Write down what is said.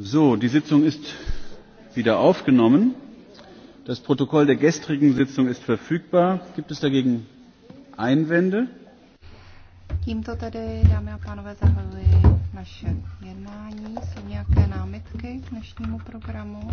So, die Sitzung ist wieder aufgenommen. Das Protokoll der gestrigen Sitzung ist verfügbar. Gibt es dagegen Einwände? Tímto tedy, dámy a pánové, zahajuji naše jednání. Jsou nějaké námitky k dnešnímu programu?